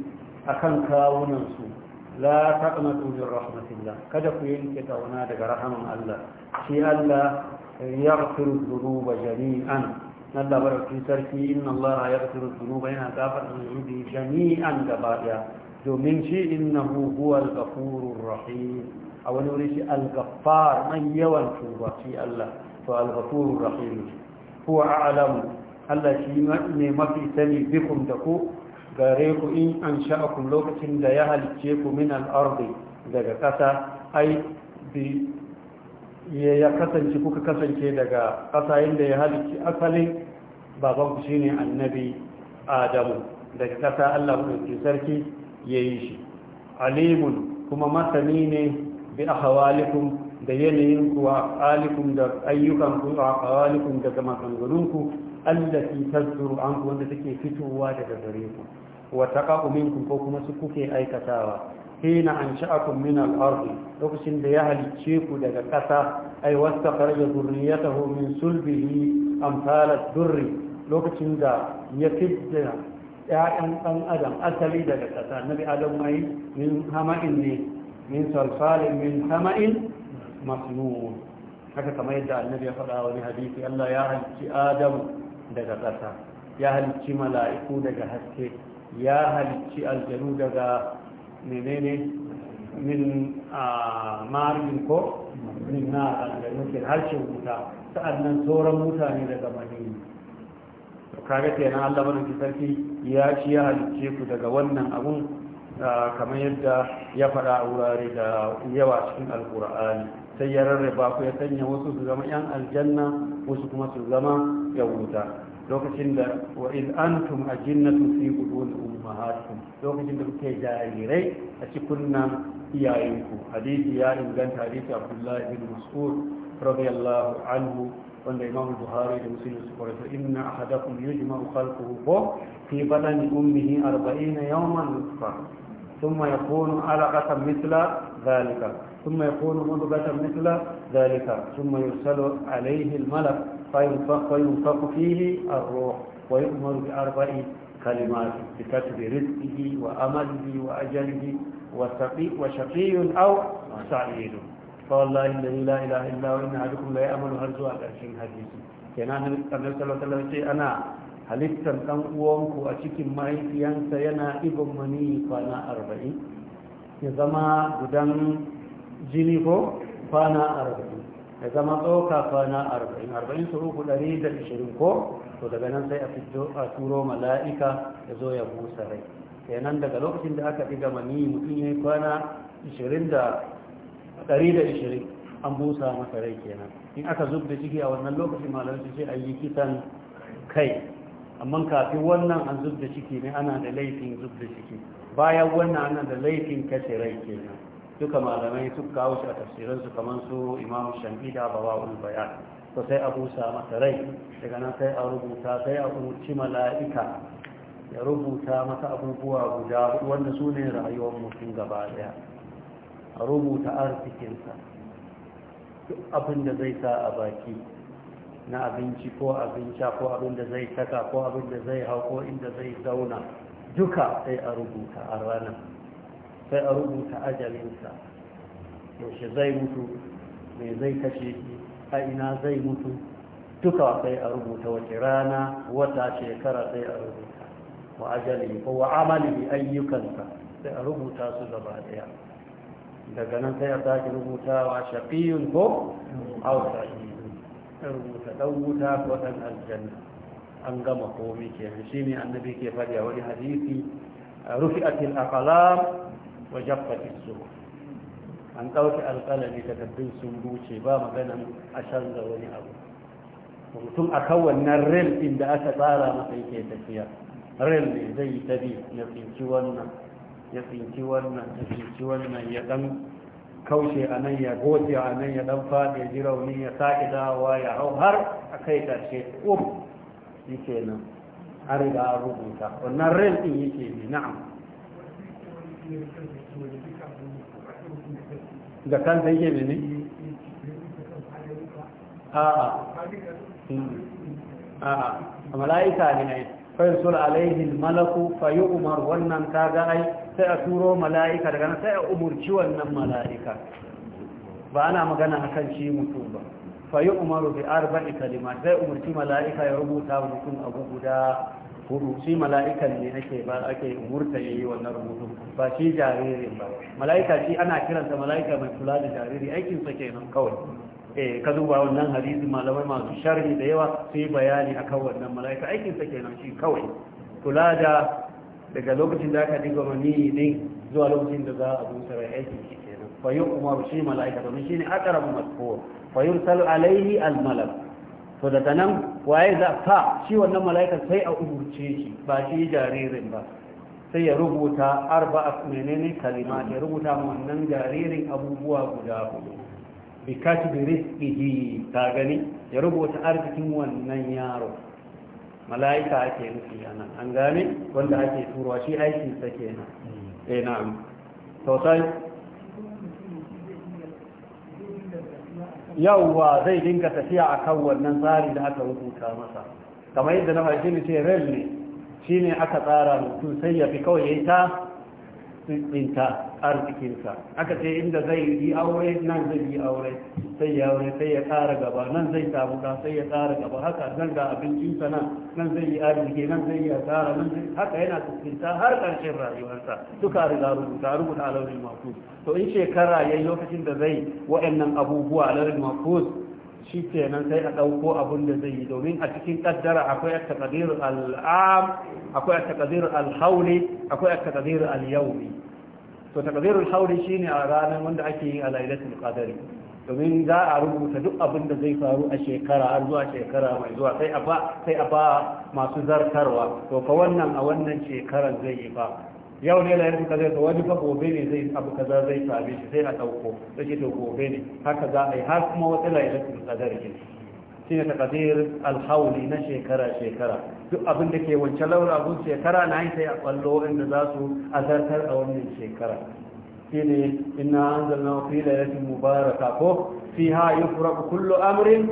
akan kawunan su la taqnatu min rahmatillah kada ku yanke tauna daga rahaman Allah shi Allah yaghfiru dhunuba jami'an Allah barki sarki inna Allah yaghfiru dhunuba yana gafar zunubi jami'an gaba daya domin shi innahu huwal ghafurur rahim a wani wuri shi al-ghaffar man yawan tuba shi Allah to al-ghafurur rahim huwa a'lamu Allah shi ne mafi sani bikum da ku gare ku in an sha'akum lokacin da ya halicce ku min al'ardi daga ƙasa ai bi ya kasance kuka kasance daga ƙasa yadda ya halicci asalin Baban babanku shine annabi adamu daga ƙasa allah ɗauki sarki ya yi shi alimun kuma masani ne bi ahawalikum da yanayinku a alikum da ayyukanku a ahawalikum daga maganganunku allati tazuru an wanda take fitowa daga gare ku wa taqa'u minkum ko kuma su kuke aikatawa hina ansha'akum min al-ard lokacin da ya halicce ku daga ƙasa ay wastaqara zurriyatahu min sulbihi amsal durri lokacin da ya fitta ya'yan ɗan adam asali daga ƙasa nabi adam mai min hama'in ne min salsalin min hama'in masnun haka kamar yadda annabi ya faɗa wani hadisi Allah ya halicci Adamu daga ƙasa ya halicci mala'iku daga haske ya halicci aljanu daga menene min a marin ko min na aljanu ke harshen wuta nan sauran mutane daga manini kaga yana Allah madauki sarki ya ci ya halicce ku daga wannan abun kamar yadda ya faɗa a wurare da yawa cikin alkur'ani sai ya rarraba ku ya sanya wasu su zama 'yan aljanna wasu kuma su zama yawuta wuta lokacin da wa in antum ajinnatun fi budun ummahatikum lokacin da kuke jarirai a cikin nan iyayenku hadisi ya inganta hadisi abdullahi bin mas'ud radiyallahu anhu wanda imam buhari da muslim su kwarata inna ahadakum yujma'u khalquhu fa fi badani ummihi 40 yawman nutfa ثم يكون علقة مثل ذلك ثم يكون مضغة مثل ذلك ثم يرسل عليه الملك فينفق فيه الروح ويؤمر بأربع كلمات بكتب رزقه وأمله وأجله وشقي أو سعيد فوالله الذي لا إله إلا وإن أحدكم لا يأمل هرزوا الأرشين حديثي كان النبي صلى الله عليه وسلم أنا halittar ɗan uwanku a cikin mahaifiyansa yana ibin mani kwana arba'in ya zama gudan jini ko kwana arba'in da zama tsoka kwana arba'in arba'in su ɗari da ishirin ko to daga nan sai a turo mala'ika ya zo ya busa rai kenan daga lokacin da aka diga mani mutum ya yi kwana ishirin da ɗari da ishirin an busa masa rai kenan in aka zub da ciki a wannan lokacin malamai sai ayi an yi kai amma kafin wannan an zub da ciki ne ana da laifin zub da ciki bayan wannan ana da laifin kashe rai kenan duka malamai suka kawo shi a tafsiransu kamar su imamu shambi da babawul bayan to sai a busa masa daga nan sai a rubuta sai a umarci mala'ika ya rubuta masa abubuwa guda wanda su ne rayuwar mutum gaba daya a rubuta arzikinsa duk abin da zai sa a baki na abinci ko abinci ko abin da zai saka ko abin da zai hau ko inda zai zauna duka sai a rubuta a ranar sai a rubuta ajalinsa yaushe zai mutu mai zai kashe shi a ina zai mutu duka sai a rubuta wace rana wata shekara sai a rubuta wa ajali ko wa amali ayyukansa sai a rubuta su gaba daya daga nan sai a sake rubutawa shaqiyun ko aw sa'idun sai rubuta dan wuta ko dan aljanna an gama komai kenan shine annabi ke faɗi a wani hadisi rufi'atil aqlam وجفت الزهور أن توكي القلم تتبين سنبوشي بام بنام أشنغ وني أبو ثم أخوّل الرل إن دعت في مخيكي تسيا رل زي تبي يقين شوانا يقين شوانا يقين شوانا يقن كوشي أنا يقوتي أنا يدوفا يجروني يساكدا ويعوهر أكيد الشيء أم يكينا أريد أروبك ونرل إن يكيني نعم da kanta yake mene a'a a'a mala'ika ne ne fayar sul alaihi malaku fayi umar wannan kaga ai sai a turo mala'ika daga nan sai a umurci wannan mala'ika ba ana magana akan shi mutum ba fayi umaru bi arba'i kalimat sai umurci mala'ika ya rubuta mutum abu guda hudu shi mala'ikan ne ake ba ake umurta yayi wannan rubutu ba shi jaririn ba mala'ika shi ana kiransa mala'ika mai kula da jariri aikin sa kenan kawai eh ka duba wannan hadisi malamai masu sharhi da yawa sai bayani akan wannan mala'ika aikin sa kenan shi kawai kula da daga lokacin da aka diga mani ne zuwa lokacin da za a busa rai aikin shi kenan fa yu'maru shi mala'ika domin shine aqrabu mazkur fa yursalu alayhi al-malak to daga nan waye za fa shi wannan mala'ika sai a umurce shi ba shi jaririn ba sai ya rubuta arba'a menene kalima ya rubuta wannan jaririn abubuwa guda hudu bi da rizqihi ta gani ya rubuta arzikin wannan yaro mala'ika ake nufi anan an gane wanda ake turuwa shi aikin sa kenan hmm. eh na'am to sai yawwa zai dinga tafiya akan wannan tsari da aka rubuta masa kamar yadda na farki ne ce rel ne shine aka tsara mutum sai ya fi kawai ta tsinta arzikinsa aka ce inda zai yi aure nan zai yi aure sai ya aure sai ya tsara gaba nan zai samu ka sai ya tsara gaba haka nan ga abincinsa nan nan zai yi arziki nan zai yi asara nan zai haka yana tsufinta har ƙarshen rayuwarsa duka riga rubuta rubuta a laurin mafus to in shekara ya yi lokacin da zai wa'annan abubuwa a laurin mafus shi nan sai a ɗauko abin da zai yi domin a cikin ƙaddara akwai a takadir al'am akwai a takadir alhauli akwai a takadir alyaumi to takbirul hauri shine a ranar wanda ake yi a lailatul qadari domin za a rubuta duk abin da zai faru a shekara har zuwa shekara mai zuwa sai a ba sai a ba masu zartarwa to fa wannan a wannan shekarar zai yi fa yau ne layar ka zai wani fa gobe ne zai abu kaza zai faru sai a dauko sai to gobe ne haka za a yi har kuma wata layar kadar ne shine takadir alhauli na shekara-shekara duk abin da ke wance laurabun shekara na yi sai a kwallo inda za su azartar a wannan shekara shine ina an zalna fi mubaraka ko fi ha yi furaku kullu amrin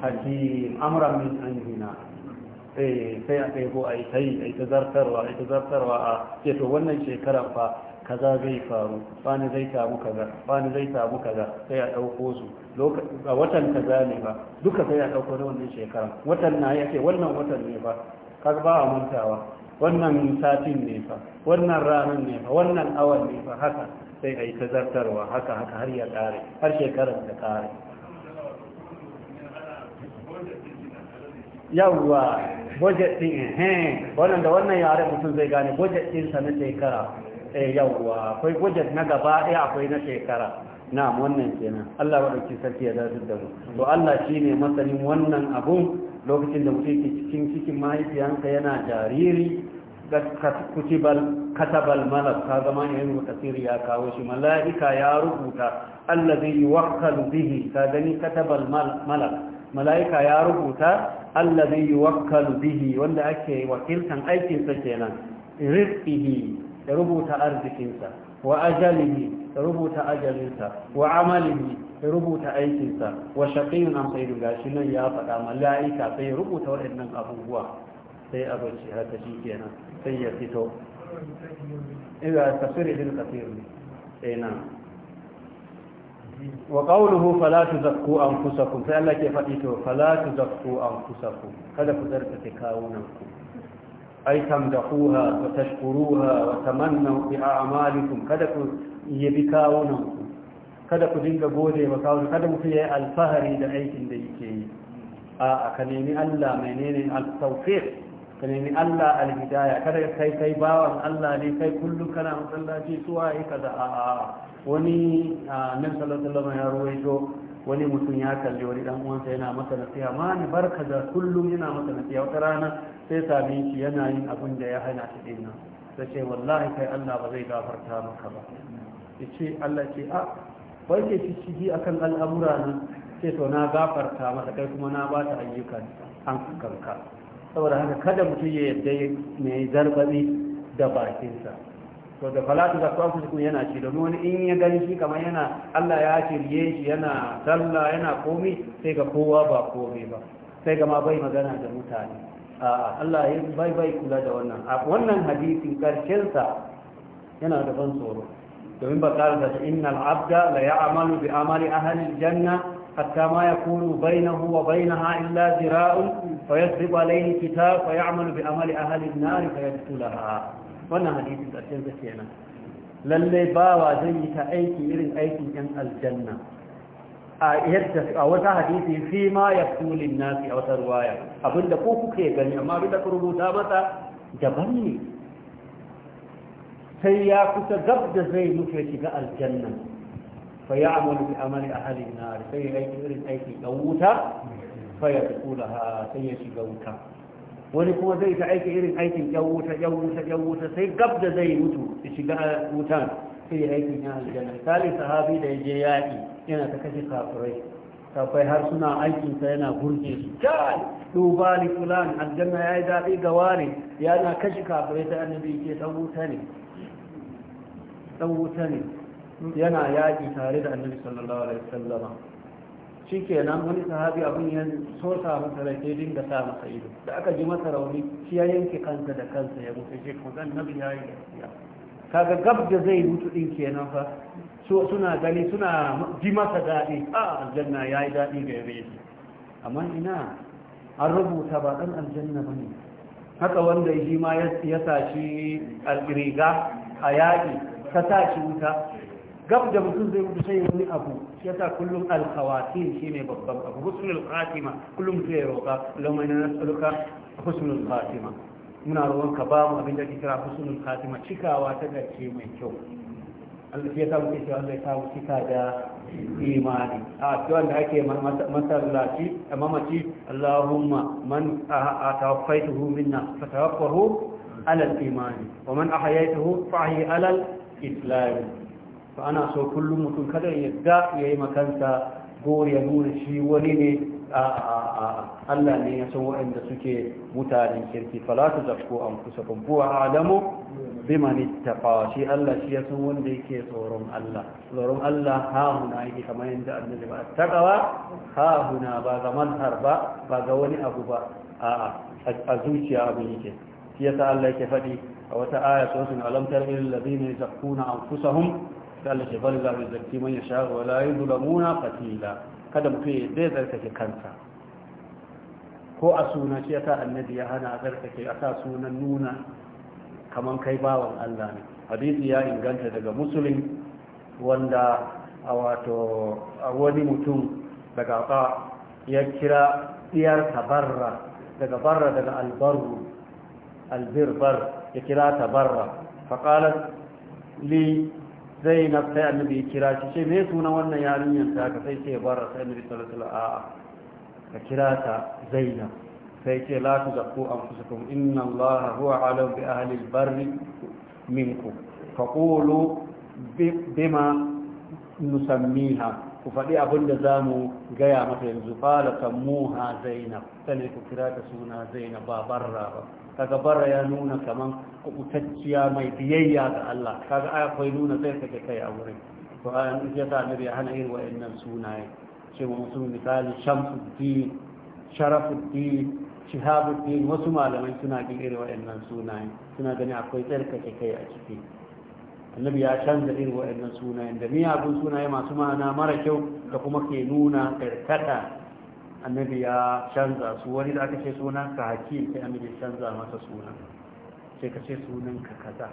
Haji amran min an eh, sai a ɗaiho a yi ta zartarwa a zartarwa a ce to wannan shekarar fa kaza zai faru bani zai samu kaza bani zai samu kaza sai a dauko su a watan kaza ne ba duka sai a dauko na wannan shekara watan na ya ce wannan watan ne ba kaga ba a mantawa wannan satin ne fa wannan ranar ne fa wannan awan ne fa haka sai a yi ta zartarwa haka haka har ya ƙare har shekarar ta ƙare yawwa budget din eh, eh wannan da wannan yare mutum zai gane budget din sa na shekara Eh, yawwa akwai budget na gaba ɗaya akwai na shekara na'am wannan kenan Allah waɗauki sarki ya dace da mu to Allah shine masanin wannan abun lokacin da mutum ke cikin cikin mahaifiyanka yana jariri kutibal katabal malak ka zama ne yin ya kawo shi mala'ika ya rubuta allazi yuwakkalu bihi ka gani katabal malak mala'ika ya rubuta Allah zai yuwakkalu bihi wanda ake wakiltan aikinsa kenan rizqihi Ya rubuta arzikinsa wa ajalihi rubuta ajalinsa wa amalihi rubuta aikinsa wa shaqiyun am sayyidun gashi nan ya faɗa mala'ika sai rubuta waɗannan abubuwa sai a bacci haka shi kenan sai ya fito إذا تفسير ابن كثير أي نعم وقوله فلا تزكوا أنفسكم فألا كيف فلا kada ku هذا كذلك تكاونكم ay tamdahuha wa tashkuruha wa tamannaw bi a'malikum kada ku yabikawun kada ku dinga gode wa kawun kada mu fiye alfahari da aikin da yake yi a aka nemi Allah menene al-tawfiq ka nemi Allah al-hidaya kada kai kai bawan Allah ne kai kullun kana masallaci suwaye kaza a wani nan sallallahu alaihi wa sallam ya ruwaito wani mutum ya kalli wani dan uwansa yana masa nasiha ma ni barka da kullum yana masa nasiha wata rana sai same shi yana yin abin da ya hana shi nan. sai ce wallahi kai Allah ba zai gafarta maka ba yace Allah ce a wai ke shi akan al'amura na ce to na gafarta masa kai kuma na ba ta ayyukan an kanka saboda haka kada mutum ya yadda mai zarbabi da bakinsa to da falatu da kwafu su yana ci domin wani in ya gani shi kamar yana Allah ya shirye shi yana sallah yana komi sai ga kowa ba komi ba sai gama bai magana da mutane a'a Allah ya bai bai kula da wannan a wannan hadisin karshensa yana da ban tsoro domin ba kare da innal abda la ya'malu bi amali ahli janna hatta ma yakunu bainahu wa bainaha illa zira'un fayasribu alayhi kitab fa ya'malu bi amali ahli an-nar fayadkhulaha wannan hadisi ƙarshen sa kenan lalle bawa zan yi ta aiki irin aikin yan aljanna a yadda a wata hadisi fi ma yaqulun nasi a wata ruwaya abinda ko kuke gani amma duk da rubuta masa daban ne sai ya kusa gab da zai mutu ya shiga aljanna fa ya'malu bi amali ahli nar sai ya aiki irin aiki dan wuta fa ha sai ya shiga wuta wani kuma zai ta aiki irin aikin yan wuta yan wuta yan wuta sai gab da zai mutu ya shiga wutan sai ya aikin ya aljanna misali sahabi da ya je yaƙi yana ta kashe kafirai kafirai har suna aikin sa yana burge su kai duba ni fulan aljanna yi daɗi ga wani yana kashe kafirai sai annabi ke dan wuta ne dan wuta ne yana yaƙi tare da annabi sallallahu alaihi wasallama shi kenan wani sahabi abin ya sosa masa rai sai dinga sa masa ido da aka ji masa rauni shi ya yanke kansa da kansa ya mutu shi kuma zan nabi ya yi gaskiya kaga gab da zai mutu din kenan fa so suna gani suna ji masa daɗi a aljanna ya yi daɗi ga yare shi amma ina an rubuta ba ɗan aljanna ba ne haka wanda shi ma ya sa shi riga a yaƙi ta sa shi wuta gab da mutum zai mutu sai wani abu shi yasa kullum alkhawatin shine babban abu husnul khatima kullum sai roƙa lamma ina nas'aluka husnul khatima muna roƙon ka ba mu abin da kira husnul khatima cikawa ta gaske mai kyau Allah ya sa muke cewa Allah ya sa mu cika da imani a cikin da ake masallaci a mamaci Allahumma man a tawaffaituhu minna fa tawaffahu alal imani wa man ahyaytuhu fa ahyi alal islami to ana so kullum mutum kada ya yadda ya yi makansa ko ya nuna shi wani ne a Allah ne ya san waɗanda suke mutanen kirki falata ko an kusa kuwa adamu mani tafawa shi Allah shi ya san wanda yake tsoron Allah tsoron Allah ha huna yake kamar yadda annabi ba takawa ha huna ba ga manhar ba ba ga wani abu ba a a zuciya abu yake shi ya sa Allah yake faɗi a wata aya sosin alamtar ilil ladina yazakkuna anfusahum misali jabal la yuzakki man yasha wa la yuzlamuna fatila kada mutum ya zarkake kansa ko a suna shi yasa annabi ya hana a zarkake a sa sunan nuna Kamar kai bawan Allah ne hadisi ya inganta daga musulun wanda a wato a wani mutum daga ka ya kira diyar tabarra daga barra daga albaru albirbar ya kira tabarra faƙalar li zainab sai annabi ya kira shi ce me suna wannan yarinyar ta ka sai ce bar bara sai annabi sallallahu alaihi wasallam ka kira ta zainab sai ce la tuzakku anfusakum inna allaha huwa alim bi ahli albarri minkum faqulu bima nusammiha ku faɗi abin da za mu gaya mata yanzu fala kammuha zainab sanai ku kira ta suna zainab ba barra ba kaga barra ya nuna kaman kubutacciya mai biyayya ga Allah kaga akwai nuna sai ka kai a wurin to an ya sa annabi hana irin wa'annan sunaye ce wa musu misali shamsuddin sharafuddin shihabuddin wasu malamai suna bin irin wa'annan sunaye suna gani akwai tsarkake kai a ciki annabi ya canza irin waɗannan sunayen da miyagun sunaye masu ma'ana mara kyau da kuma ke nuna karkata annabi ya canza su wani da aka ce suna ka hakim sai annabi canza masa suna sai ka ce sunan ka kaza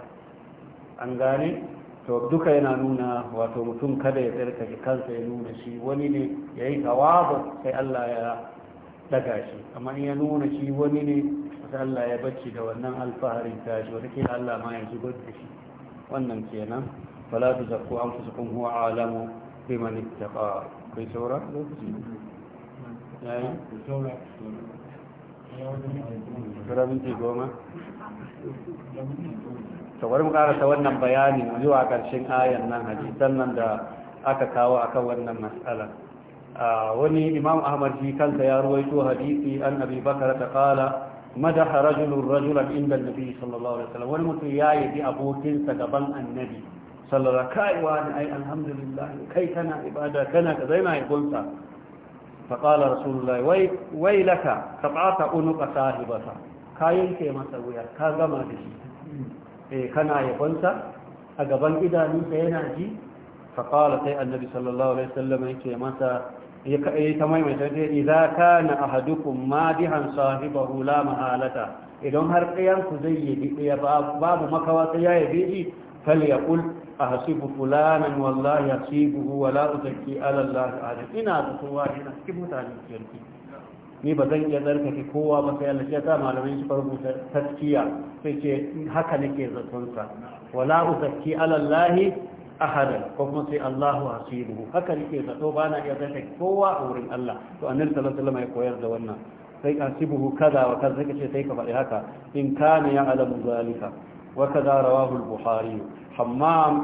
an gane to duka yana nuna wato mutum kada ya tsarkake kansa ya nuna shi wani ne ya yi tawabu sai Allah ya daga shi amma in ya nuna shi wani ne sai Allah ya bacci da wannan alfaharin tashi wata ke Allah ma ya zubar da shi wannan kenan fala tu zakku anfusakum huwa a'lamu biman ittaqa kai saura lokaci yayi saura rabinci goma to bari mu karasa wannan bayani zuwa karshen ayan nan hadisan nan da aka kawo akan wannan mas'ala ah, wani imam ahmad shi kansa ya ruwaito hadisi an abi bakar ta kala madaha rajulun inda nabi sallallahu alaihi wasallam wani mutum ya yabi abokinsa gaban annabi sallallahu kai wa ai alhamdulillah kai kana ibada kana ka zai mai gunsa fa qala rasulullahi wai wai laka tabata unuqa ke masa wuya ka gama da shi eh kana yabonsa a gaban idanunsa yana ji fa sai annabi sallallahu alaihi wasallam yake masa ya ta maimaita ce idza kana ahadukum madihan sahibahu la mahalata idan har ɗayan ku zai yi ɗaya babu makawa sai ya yabe shi fal yaqul ahasibu fulanan wallahi hasibuhu wala uzakki ala allah ahad ina tsowa ina cikin mutane kirki ni ba zan iya tsarkake kowa ba sai Allah ya sa malamai su rubuta taskiya sai ce haka nake zaton sa wala uzakki ala allah ahadan ko kuma sai Allahu hasibuhu haka nake zato ba na iya zaka kowa a wurin Allah to annabi sallallahu alaihi wasallam ya koyar da wannan sai hasibuhu kaza wa kaza kace sai ka faɗi haka in kana ya alamu zalika wa kaza rawahu al-bukhari hammam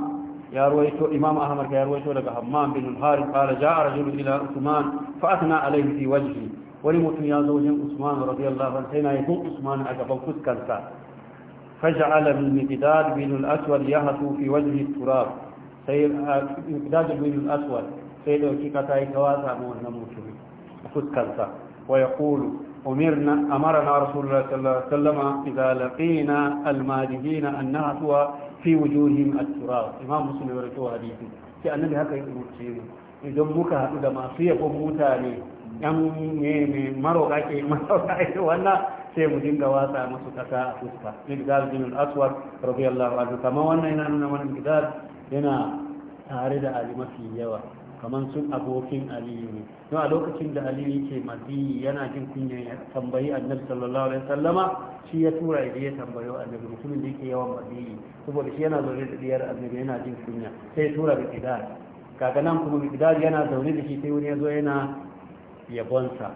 يا daga إمام bin يا رويتو لك همام بن الحارث قال جاء رجل إلى عثمان فأثنى عليه في وجهه ولمتن يا زوج عثمان رضي الله عنه حين يكون عثمان أجبه فسكنسا فجعل من مقداد بن الأسود يهتو في وجه التراب sai a bin aswad sai dauki kata yi kawasa a wannan mutumin a fuskansa wa ya kulu umirna a mara na rasu sallama izalafi na almajiji na annatuwa fi wujuhin a tura imam musulun rikiyar hadisi sai annabi haka yi umarci idan muka haɗu da masu yakon mutane yan mai maro ke *laughs* maroƙa ita wannan sai mu dinga wasa masu kasa a fuska migdal bin al-aswad radiyallahu anhu kamar wannan yana nuna mana gidan yana tare da ali mafi yawa kamar sun abokin aliyu ne don a lokacin da aliyu ke mazi yana jin kunya ya tambayi annabi sallallahu alaihi sallama shi ya tura idan ya tambayo annabi mutumin da yake yawan mazi saboda shi yana zaune da diyar annabi yana jin kunya sai tura da kaga nan kuma migdal yana zaune da shi sai wani ya zo yana yabonsa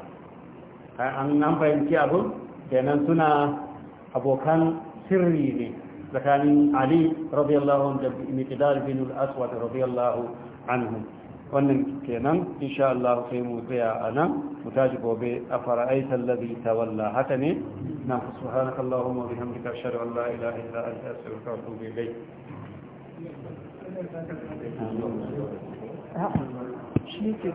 an nan fahimci abu kenan suna abokan sirri ne tsakanin ali radiyallahu anhu da miqdar bin al-aswad radiyallahu anhu wannan kenan insha Allah sai mu tsaya anan nan mu tashi gobe a fara'aita allazi tawalla haka ne na subhanaka allahumma wa bihamdika ashhadu an la ilaha illa anta astaghfiruka wa atubu ilayk Thank you.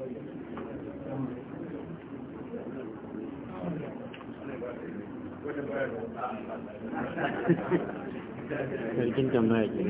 sarkin tambaya ke